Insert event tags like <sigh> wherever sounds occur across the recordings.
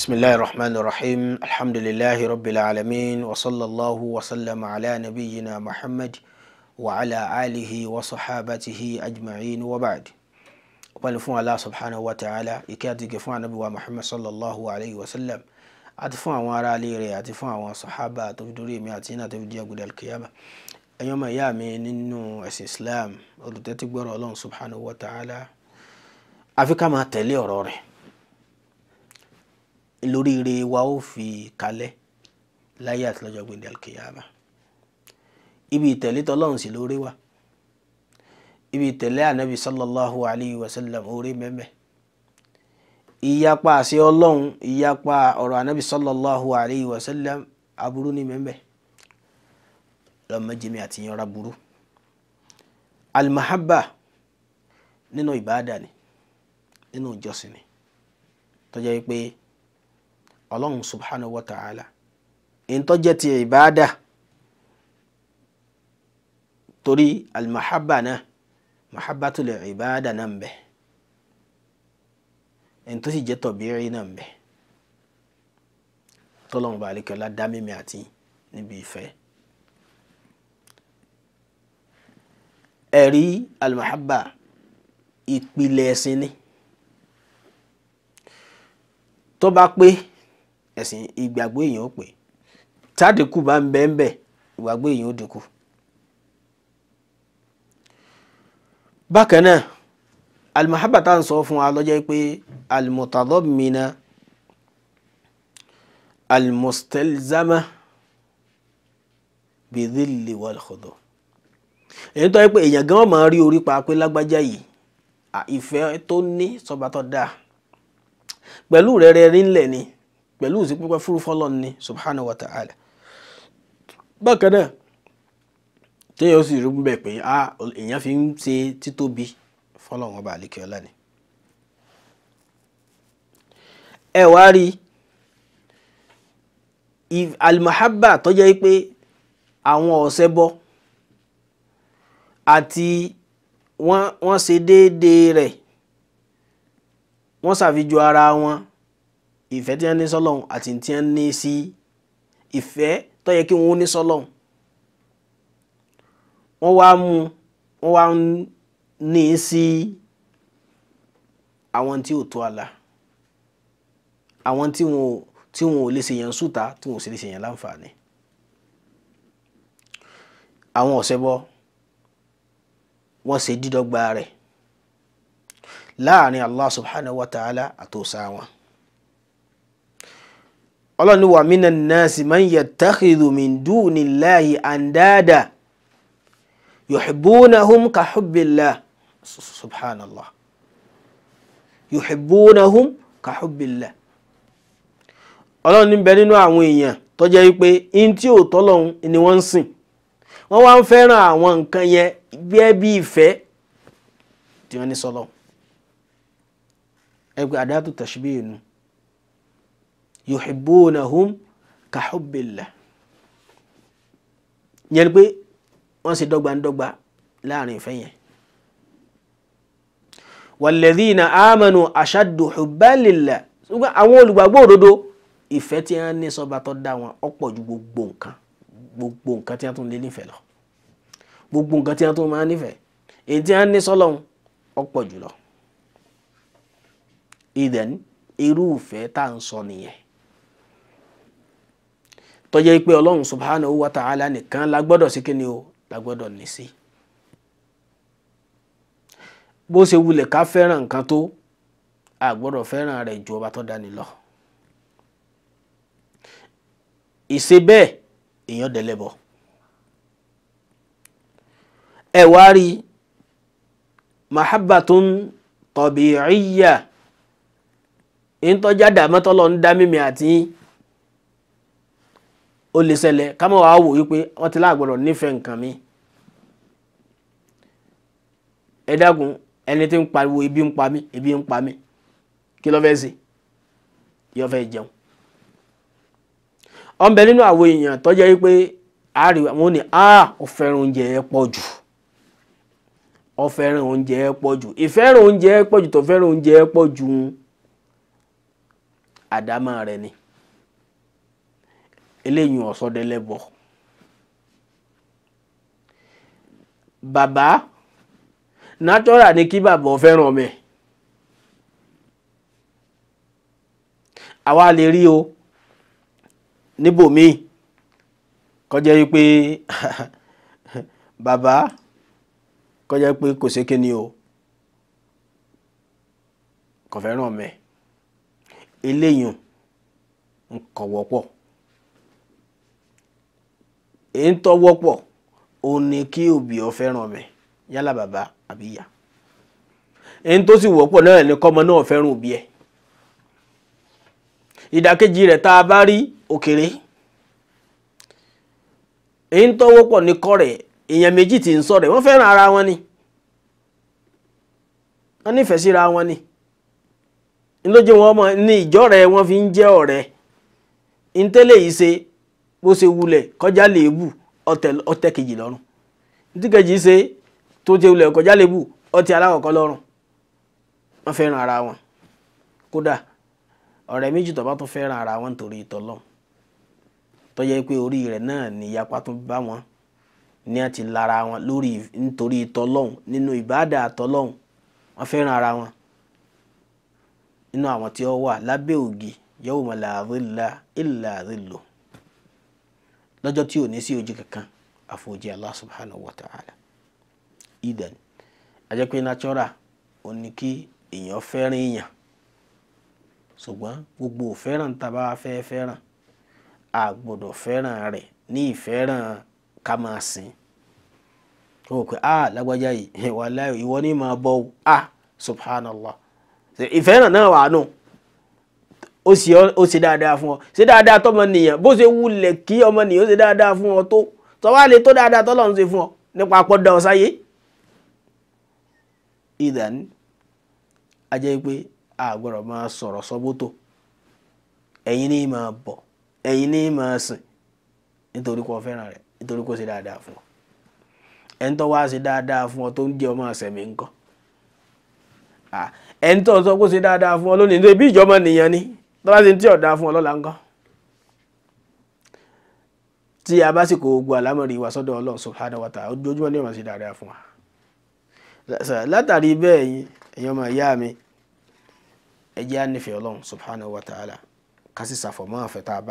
بسم الله الرحمن الرحيم الحمد لله رب العالمين وصلى الله وسلم على نبينا محمد وعلى آله وصحابته أجمعين وبعد وبالفون الله سبحانه وتعالى يكاد يكفون نبي محمد صلى الله عليه وسلم أتفون وراء ليري أتفون وصحابة تفدري مياتين تفدي أقول القيامة أيما يامين إنه الإسلام أردت تكبر الله سبحانه وتعالى أفكا ما تلي أروري lóríire wa ó fi kalẹ̀ láyé àti lọ́jọ́ gbẹ̀ndẹ̀ alkiyama ibi ìtẹ̀lé tọ́lọ́run sí lórí wa ibi ìtẹ̀lé ànábì sallallahu alayhi wa sallam orí mẹ́mẹ́ ìyapa àṣẹ ọlọ́run ìyapa ọ̀rọ̀ ànábì sallallahu alayhi wa sallam aburú ní mẹ́mẹ́ lọ́mọdéjìmí àti yanra burú alimahaba nínú ìbáàdà ni nínú ìjọsìn ni tó jẹ́ pé ọlọ́run subhanahu wa ta'ala ìtọ́jẹ́ ti ìbáadà torí alimahaba náà mahabatul ìbáadà náà ń bẹ ìtọ́sí jẹ́ tọ̀bírí náà ń bẹ tọ́lọ́run balẹ̀kẹ́lá dá mímí àti níbi ìfẹ́ ẹ̀rí alimahaba ìpìlẹ̀ ẹ̀sìn ni tó bá pé ẹ̀sìn ìgbàgbọ́ èèyàn ó pè tádìkù bá ń bẹ́ẹ̀ ń bẹ́ẹ̀ ìgbàgbọ́ èèyàn ó dínkù. bákan náà alimahaba tá à ń sọ fún wa lọ́jọ́ pé alimutadammina almustelzama bidhilli wal khudu èyí tó yẹ pé èèyàn gan máa rí orí pa pé lágbájá yìí ìfẹ́ tó ní sọba dáa pẹ̀lú rẹ̀ rí ńlẹ̀ ni pẹ̀lú ìsìnkúpẹ́ fúru fọlọ́n ni subhanahu wa ta'ala bákan náà téèyàn sì rí bẹ́ẹ̀ pé a èèyàn fi ń ṣe títóbi fọlọ́n ọba àlékè ọlá ni ẹ wá rí alimahabba tó jẹ́ pé àwọn ọ̀sẹ̀ bọ́ àti wọ́n ṣe déédéé rẹ̀ wọ́n ṣàfijọ́ ara wọn ìfẹ́ tí wọ́n ní sọ́lọ́hún àti tí wọ́n ní sí ìfẹ́ tó yẹ kí wọ́n ní sọ́lọ́hún wọ́n wá mú wọ́n wá ní sí àwọn tí ò tó àlà àwọn tí wọn ò tí wọn ò lè ṣèyàn súta tí wọn ò sì lè ṣèyàn láǹfààní àwọn ọ̀sẹ̀bọ wọ́n ṣe dídọ́gba rẹ̀ láàrin Allah subhanahu wa ta'ala àtòsá wọn ọlọ́ni wà mí náà nàásì máa ń yẹ tákìlù mi dùn ní láàyè àndáàdà yuhibbunahum ka hubbillah subhanallah yuhibbunahum ka hubbillah ọlọ́run ní bẹ nínú àwọn èèyàn tó jẹ́ wípé in tí ò tọ́lọ́hun ni wọ́n ń sìn wọ́n wá ń fẹ́ràn àwọn nǹkan yẹn gbẹ́ bí ìfẹ́ tí wọ́n ní sọlọ́hun ẹgbẹ́ àdáàtú tashbihi nù yuhibbunahum ka hubbillah yẹn ni pé wọ́n ṣe dọ́gbandọ́gba láàrin ìfẹ́ yẹn walladhina amanu ashaddu hubban lillah ṣùgbọ́n àwọn olùgbàgbọ́ òdodo ìfẹ́ tí wọ́n ní sọ́ba tó dá wọn ọ̀pọ̀ ju gbogbo nǹkan gbogbo nǹkan tí wọ́n tún lé nífẹ̀ẹ́ lọ gbogbo nǹkan tí wọ́n tún máa nífẹ̀ẹ́ èyí tí wọ́n ní sọ́lọ́hún ọ̀pọ̀ jùlọ ìdẹ̀ni irú ìfẹ́ tá à ń sọ nìyẹn tó jẹ́ pé ọlọ́run subhanahu wa ta'ala nìkan la gbọ́dọ̀ sí kíni o la gbọ́dọ̀ ní sí. bó ṣe wulẹ̀ ká fẹ́ràn nǹkan tó a gbọ́dọ̀ fẹ́ràn rẹ̀ ju ọba tó dání lọ. ìṣe bẹ́ẹ̀ èèyàn dẹ̀lẹ́bọ̀. ẹ wá rí mahabbatun tabi'iyya ń tọ́jà dàmọ́tọ́lọ́ ń dá mímì àti yín. ó lè ṣẹlẹ̀ ká mọ̀ wò wípé wọ́n ti láàgbọ̀dọ̀ nífẹ̀ẹ́ nǹkan mi. ẹ ẹni tí ń pariwo ibi ń pa mí ebi ń pa mí kí ló fẹ́ ṣe nínú àwọn èèyàn tó jẹ́ wípé wọn ni a ò fẹ́ràn oúnjẹ pọ̀ jù fẹ́ràn oúnjẹ pọ̀ jù ìfẹ́ràn oúnjẹ pọ pọ̀ jù tó ni. eléyìí ọ̀sọ́dẹ́lẹ́bọ bàbá natural ni kí bàbá ó fẹ́ràn àwa o níbòmíì kọjá yìí pé <laughs> bàbá kọjá pé kò kí ni o kò eléyìí èyí tó wọ́pọ̀ ò ní kí òbí ọ fẹ́ràn ọmọ yálà bàbá àbí ìyá èyí tó sì wọ́pọ̀ náà ní kọ́mọ náà fẹ́ràn òbí ẹ̀ ìdàkejì rẹ̀ tá a bá rí òkèrè èyí tó wọ́pọ̀ ní kọ́rẹ̀ èèyàn méjì tí ń ṣọ̀rẹ́ wọ́n fẹ́ràn ara wọn ni wọ́n nífẹ̀ẹ́ síra wọn ni ńlójú wọn ọmọ ní ìjọ́rẹ̀ wọn fi ń jẹ́ ọ̀rẹ́ ntẹ́lẹ̀ yìí ṣe bó ṣe wulẹ̀ kọjá lèébù ọtẹ kejì lọ́rùn ní kejì ṣe tó ṣe wulẹ̀ kọjá lèébù ọtí alákọ̀ọ́kọ́ lọ́rùn wọ́n fẹ́ràn ara wọn kódà ọ̀rẹ́ méjì tó bá tún fẹ́ràn ara wọn ìtọ́lọ́ pé orí rẹ̀ náà ní wọn ní àti lára wọn lórí nítorí nínú ìbáàdà wọ́n fẹ́ràn ara wọn nínú àwọn tí ó wà lábẹ́ la lọ́jọ́ tí ò ní sí ojú kankan àfojú Allah subhanahu wa ta'ala idan ajẹ́ pé natural ò ní kí èèyàn fẹ́ràn èèyàn ṣùgbọ́n gbogbo òfẹ́ràn tá a bá fẹ́ fẹ́ràn a gbọ́dọ̀ fẹ́ràn rẹ̀ ní ìfẹ́ràn ká máa sìn ó pé a lágbájá yìí <laughs> wàláhì ìwọ ni máa bọ̀ a subhanallah ìfẹ́ràn náà wà nù. No ó sì ó ṣe dáadáa fún ọ ṣe dáadáa tọmọnìyàn bó ṣe wulẹ̀ kí ọmọnìyàn ó ṣe dáadáa fún ọ tó tọ́wá lè tó dáadáa tọ́lọ́run ṣe fún ọ nípa àpọ́dà ọ̀sáyé. ìdàn ajẹ́ pé a gbọ́dọ̀ máa sọ̀rọ̀ sọ́bótò ẹ̀yin ní máa bọ̀ ẹ̀yin ní máa sìn nítorí kò fẹ́ràn rẹ̀ nítorí kò ṣe dáadáa fún ọ ẹni tó wá ṣe dáadáa fún ọ tó ń jẹ́ ọmọ àṣẹ̀mí nǹkan ẹni tó sọ kó ṣe dáadáa fún ọ lónìí nítorí bí ìjọba nìyẹn ni tó bá ti ń tí ọ̀dà fún ọ lọ́la ńkọ́ tí a bá sì kó gbogbo àlámọ̀rí wa sọ́dọ̀ ọlọ́run subhanahu wa ta'ala ojoojúmọ́ ni ó máa ṣe dáadáa fún wa látàrí bẹ́ẹ̀ yín èèyàn máa yá mi ẹ jẹ́ ọlọ́run subhanahu wa ta'ala ká sì ṣàfọ̀mọ́ àfẹ́ tá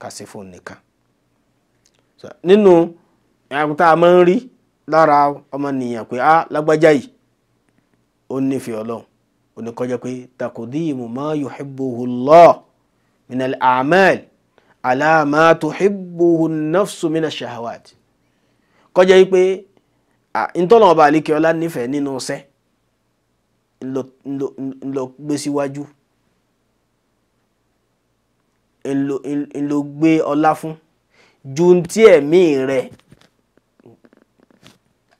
ká sì fún nìkan nínú ẹ̀kún tá a máa ń rí lára ọmọnìyàn pé á lágbájá yìí ó nífẹ̀ẹ́ ọlọ́run oníkọjọ pé takudimu ma yuhibbuhu Allah minal amal ala ma tuhibbuhu nafsu minash shahawat kọjá yìí pé ntọ́nà ọba àlekẹ́ ọlá nífẹ̀ẹ́ nínú ọsẹ́ ńlọ gbé síwájú ńlọ gbé ọlá fún ju ti ẹ̀mí rẹ̀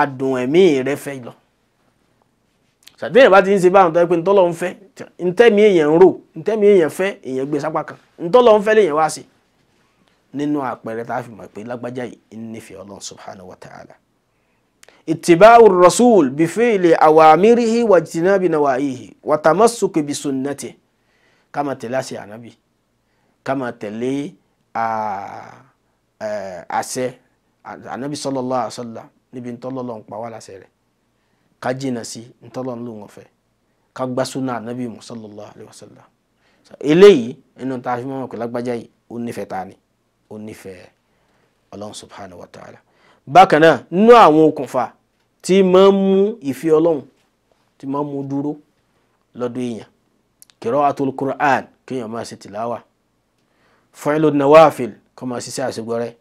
adùn ẹ̀mí rẹ̀ fẹ́ lọ ṣàtẹ́ èèyàn bá ti ń ṣe báwọn tó yẹ pé ntọ́lọ́ ń fẹ́ ntẹ́mi èèyàn ń rò ntẹ́mi èèyàn fẹ́ èèyàn gbé sápá kan ntọ́lọ́ ń fẹ́ lèèyàn wá sí nínú àpẹẹrẹ tá a fi mọ̀ pé lágbájá yìí nífẹ̀ẹ́ ọlọ́run subhanahu wa ta'ala اتباع الرسول بفعل أوامره واجتناب نواهيه وتمسك بسنته كما تلاسي النبي كما تلي àṣẹ النبي صلى الله عليه وسلم níbi ń tọ́lọ́lọ́ ń pa wá láṣẹ rẹ̀ ká jìnnà sí ntọ́lọ́n ló wọn fẹ́ ká gbá súnà ànábì mu sallallahu alayhi wa sallam eléyìí nínú tá a fi mọ́ ọkọ̀ lágbájá yìí ó nífẹ̀ẹ́ ta ni ó nífẹ̀ẹ́ ọlọ́run subhanahu wa ta'ala bákan náà àwọn okùnfà tí máa ń mú ìfẹ́ ọlọ́run tí máa ń mú dúró lọ́dọ̀ èèyàn kiraatul Qur'an kéèyàn máa ṣe tìláwà fi'lu nawafil kó máa ṣiṣẹ́ àṣegbọ́rẹ́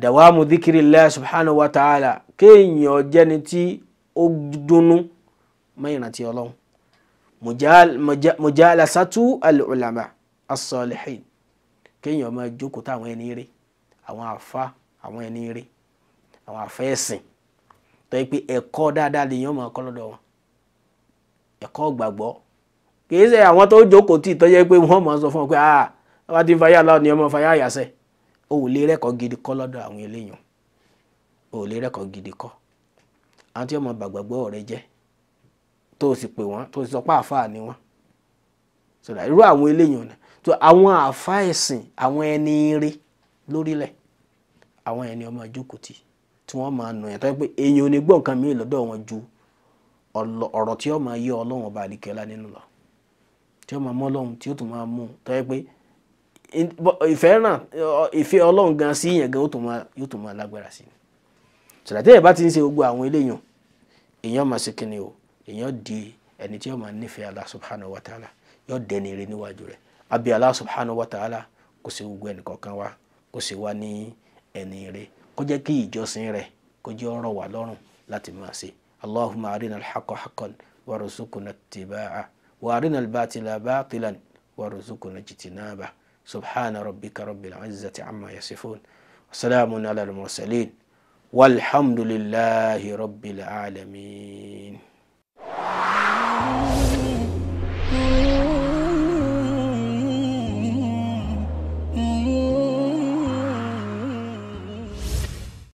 dawamu dhikrillahi subhanahu wa ta'ala kéèyàn jẹ́ni tí ó dùnnú mọ́ ìrántí ọlọ́run mujalasatu al-ulama as-salihin kéèyàn máa jókòó táwọn ẹni rí àwọn àfa àwọn ẹni rí àwọn àfa ẹ̀sìn tó yẹ pé ẹ̀kọ́ dáadáa lèèyàn máa kọ́ lọ́dọ̀ wọn ẹ̀kọ́ gbàgbọ́ kì í ṣe àwọn tó jókòó tì tó yẹ pé wọ́n máa sọ fún wọn pé ah wọ́n ti fa yàrá ni ọmọ fa yàrá yàsẹ́ o gidi kọ́ lọ́dọ̀ àwọn eléyàn o gidi kọ́ àwọn tí wọ́n mọ bàgbàgbọ́ rẹ jẹ́ tó o sì pè wọ́n tó o sì sọ pé àáfàá ni wọ́n sọdọ irú àwọn eléyìí ọ̀nà tó àwọn àáfàá ẹ̀sìn àwọn ẹni ire lórílẹ̀ àwọn ẹni ọmọ ìjókòó tí tí wọ́n máa nù yẹn tó yẹ pé èyàn ò ní gbọ́ nǹkan mìíràn lọ́dọ̀ wọn ju ọ̀rọ̀ tí ó máa yé ọlọ́run ọba àdìkẹ́lá nínú lọ tí ó máa mọ́ ọlọ́run tí ó tún máa mú tó yẹ pé ìfẹ́ náà ìfẹ́ ọlọ́run gan sí yẹn gan yóò tún máa lágbára sí i sọ̀rọ̀ àti ẹ̀yẹ̀ bá ti ń ṣe gbogbo àwọn eléyìí èèyàn máa ṣe kíni o èèyàn di ẹni tí yóò máa nífẹ̀ẹ́ Allah subhanahu wa ta'ala yóò dẹni rẹ níwájú rẹ àbí Allah subhanahu wa ta'ala kò sí gbogbo ẹnì kọ̀ọ̀kan wa kò sí wa ní ẹni rẹ kó jẹ́ kí ìjọsìn rẹ kó jẹ́ ọ̀rọ̀ wà lọ́rùn láti máa ṣe Allahumma arina al-haqqa haqqan warzuqna ittiba'a wa arina al-batila batilan warzuqna ijtinaba subhana rabbika rabbil izzati amma yasifun wa salamun ala al والحمد لله رب العالمين